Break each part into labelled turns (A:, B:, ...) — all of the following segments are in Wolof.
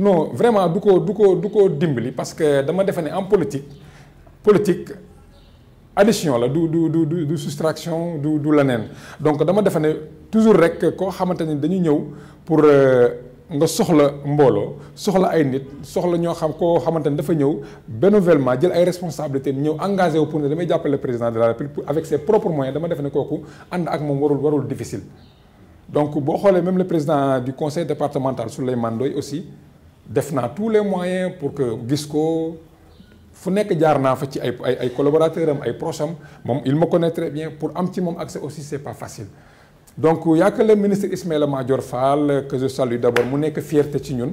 A: non vraiment du ko du ko du ko dimbali parce que dama defe ne am politique politique addition la du du du du soustraction du du neen donc dama defe ne toujours rek koo xamante ni dañu ñëw pour euh, nga soxla mbooloo soxla ay nit soxla ñoo xam koo xamante ne dafa ñëw bénévolement jël ay responsabilités ñëw engagé wu pour ne damay jàppale président de la République avec ses propres moyens dama defe ne kooku ànd ak moom warul warul difficile donc boo xoolee même le président du conseil départemental Souleymane Ndoye aussi def naa tous les moyens pour que gis ko fu nekk jaar naa fa ci ay ay ay collaborateurs am ay proches moom il me connaît très bien pour am ci moom accès aussi c'est pas facile. donc y a que le ministre Ismaïla Madior Fall que je salue d'abord mu nekk fierté ci ñun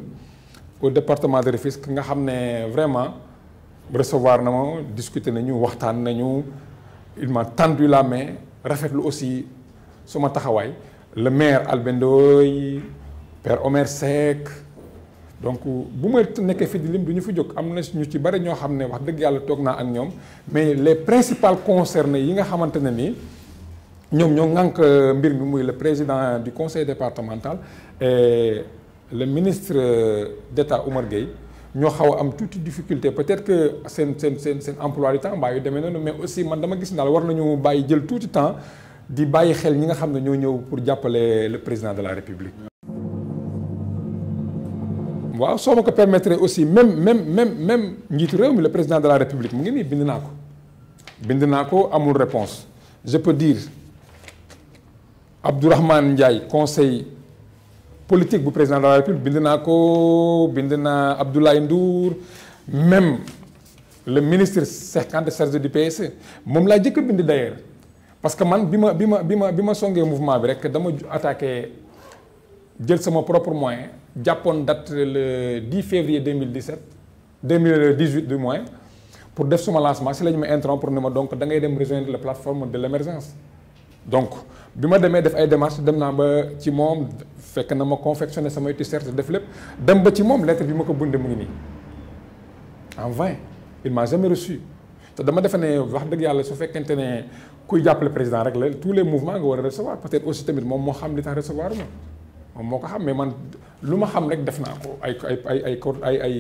A: au département de Rufisque nga xam ne vraiment recevoir na ma discuter nañu waxtaan nañu il m'a tendu la main rafetlu aussi suma taxawaay le maire Albendooy père Omer Seck. donc bu ma nekkee fi di lim du ñu fi jóg am na ñu ci bari ñoo xam ne wax dëgg yàlla toog naa ak ñoom mais les principaux concernés yi nga xamante ne nii ñoom ñoo ŋànk euh, mbir mi muy le président du conseil départemental et le ministre euh, d'État Oumar Gueye ñoo xaw a am tuuti difficulté peut-être que seen seen seen seen emploi du temps mbaa yu demee noonu mais aussi man dama gis daal war nañu bàyyi jël tuuti temps di bàyyi xel ñi nga xam ne ñoo ñëw pour jàppale le président de la République waaw soo ma ko permettre aussi même même même même njiitu réew mi le président de la république mu ngi nii bind naa ko bind naa ko amul réponse je peux dire Abdourahmane Ndiaye conseil politique bu président de la république bind naa ko bind naa Abdoulaye Ndour même le ministre Cheikh Anta chargé du PS e, moom laa jëkk bind d'ailleurs parce que man bi ma bi ma bi ma bi ma songee mouvement bi rek dama attaqué jël sama propre moyen jàppoon date le 10 février 2017 2018 du mois pour def suma lancement si la ñu ma interrompre pour ne ma donc da ngay dem rejoindre la plateforme de l' émergence donc bi ma demee def ay démarches dem naa ba ci moom fekk na ma confectionné samay t-shirt def lépp dem ba ci moom lettre bi ma ko bundee mu ngi nii en vain il m'a jamais reçu te dama defe ne wax dëgg yàlla su fekkente ne kuy jàppale président rek la tous les mouvements nga war a recevoir peut moom moo xam li tax recevoir moom moo ko xam mais man lu ma xam rek def naa ko ay ay ay ay ay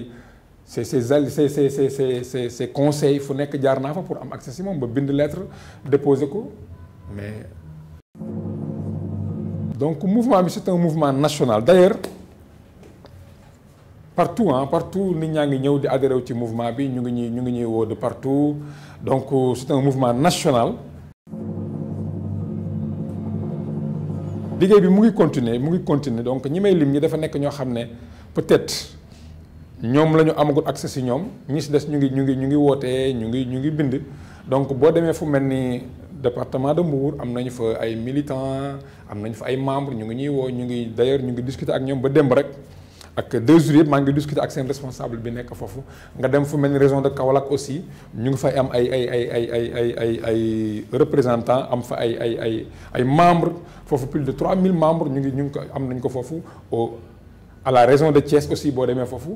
A: ces ces al ces ces ces ces ces conseils fu nekk jaar naa fa pour am accès ba bind lettre déposer ko mais. donc mouvement bi c'est un mouvement national d'ailleurs partout ah partout nit ñaa ngi ñëw di adhéré ci mouvement bi ñu ngi ñuy ñu ngi ñuy woo de partout donc euh, c'est un mouvement national. liggéey bi mu ngi continuer mu ngi continuer donc ñi may lim ñi dafa nekk ñoo xam ne peut-être ñoom la ñu amagul accès si ñoom ñi si des ñu ngi ñu ngi ñu ngi wootee ñu ngi ñu ngi bind donc boo demee fu mel ni département de Mbour am nañu fa ay militants am nañu fa ay membre ñu ngi ñuy woo ñu ngi d'ailleurs ñu ngi discuter ak ñoom ba démb rek ak deux jours yëpp maa ngi discuter ak seen responsable bi nekk foofu nga dem fu mel ni région de Kaolack aussi ñu ngi fay am ay ay ay ay ay ay am fa ay ay ay foofu plus de 3000 membres ñu ngi ñu ngi ko am nañ ko foofu o à la de Thiès aussi boo demee foofu.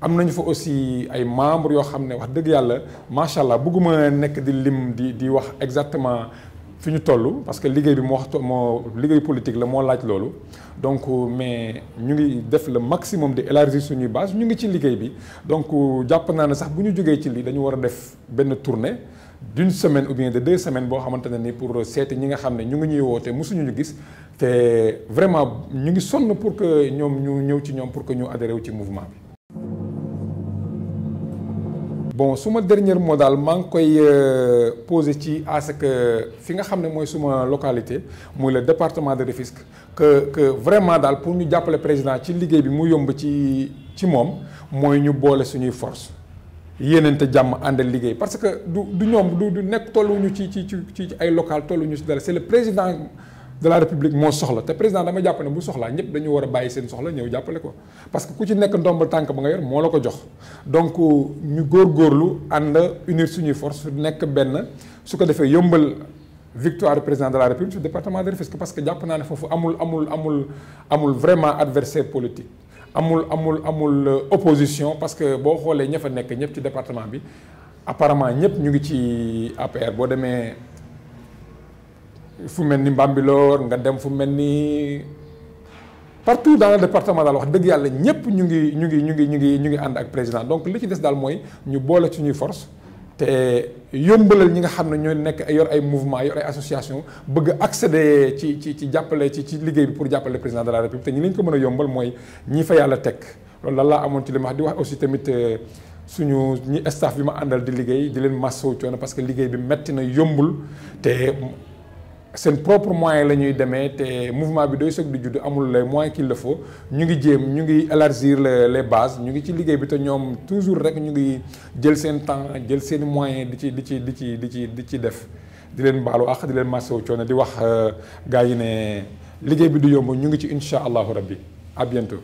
A: am nañu fa aussi ay membres yoo xam ne wax dëgg yàlla macha allah bëgguma nekk di lim di di wax exactement fi ñu toll parce que liggéey bi moo wax moo liggéey politique la moo laaj loolu donc mais ñu ngi def le maximum di élargir suñuy base ñu ngi ci liggéey bi donc jàpp naa ne sax bu ñu jógee ci lii dañu war a def benn tournée d'une semaine ou bien de deux semaines boo xamante ne ni pour seeti ñi nga xam ne ñu ngi ñuy woote mosuñu ñu gis te vraiment ñu ngi sonn pour que ñoom ñu ñëw ci ñoom pour que ñu adhéré wu ci mouvement bi. bon suma dernier mot daal maa ngi koy euh, posé ci à ce que fi nga xam ne mooy suma localité mooy le département de Rufisque que que vraiment daal pour ñu jàppale président ci liggéey bi mu yomb ci ci moom mooy ñu boole suñuy force yéenante jàmm àndal liggéey parce que du du ñoom du du nekk tolluñu ci ci ci ci ay local tolluñu ci dara c'est le président. de la république moo soxla te président dama jàpp ne bu soxlaa ñëpp dañu war a bàyyi seen soxla ñëw jàppale ko parce ku ci nekk ndombal tànk ba nga yor moo la ko jox donc ñu góorgóorlu ànd unir suñuy force nekk benn su ko defee yombal victoire président de la république su département de Rufisque parce que jàpp naa ne foofu amul amul amul amul vraiment adversaire politique amul amul amul euh, opposition parce que boo xoolee ña fa nekk ñëpp ci département bi apparemment ñëpp ñu ngi ci APR boo demee fu mel ni Mbambilor nga dem fu mel ni partout dans le département daal wax dëgg yàlla ñëpp ñu ngi ñu ngi ñu ngi ñu ngi ñu ngi ànd ak président donc li ci des daal mooy ñu boole suñuy force te yombalal ñi nga xam ne ñooy nekk yor ay mouvement yor ay association bëgg accéder ci ci ci jàppale ci ci liggéey bi pour jàppale président de la république te ñi lañ ko mën a yombal mooy ñi fa yàlla teg loolu lan laa amoon ci li wax di wax aussi tamit euh, suñu ñi staff bi ma àndal di liggéey di leen massawu coono parce que liggéey bi metti na yombul seen propre moyen la ñuy demee te mouvement bi doy sëg di judd amul les moyens qu'il le ñu ngi jéem ñu ngi élargir les bases ñu ngi ci liggéey bi te ñoom toujours rek ñu ngi jël seen temps jël seen moyen di ci di ci di ci di ci di ci def di leen baalu ak di leen masawu coono di wax euh, gars yi ne liggéey bi du yomb ñu ngi ci incha allahu rabbi à bientôt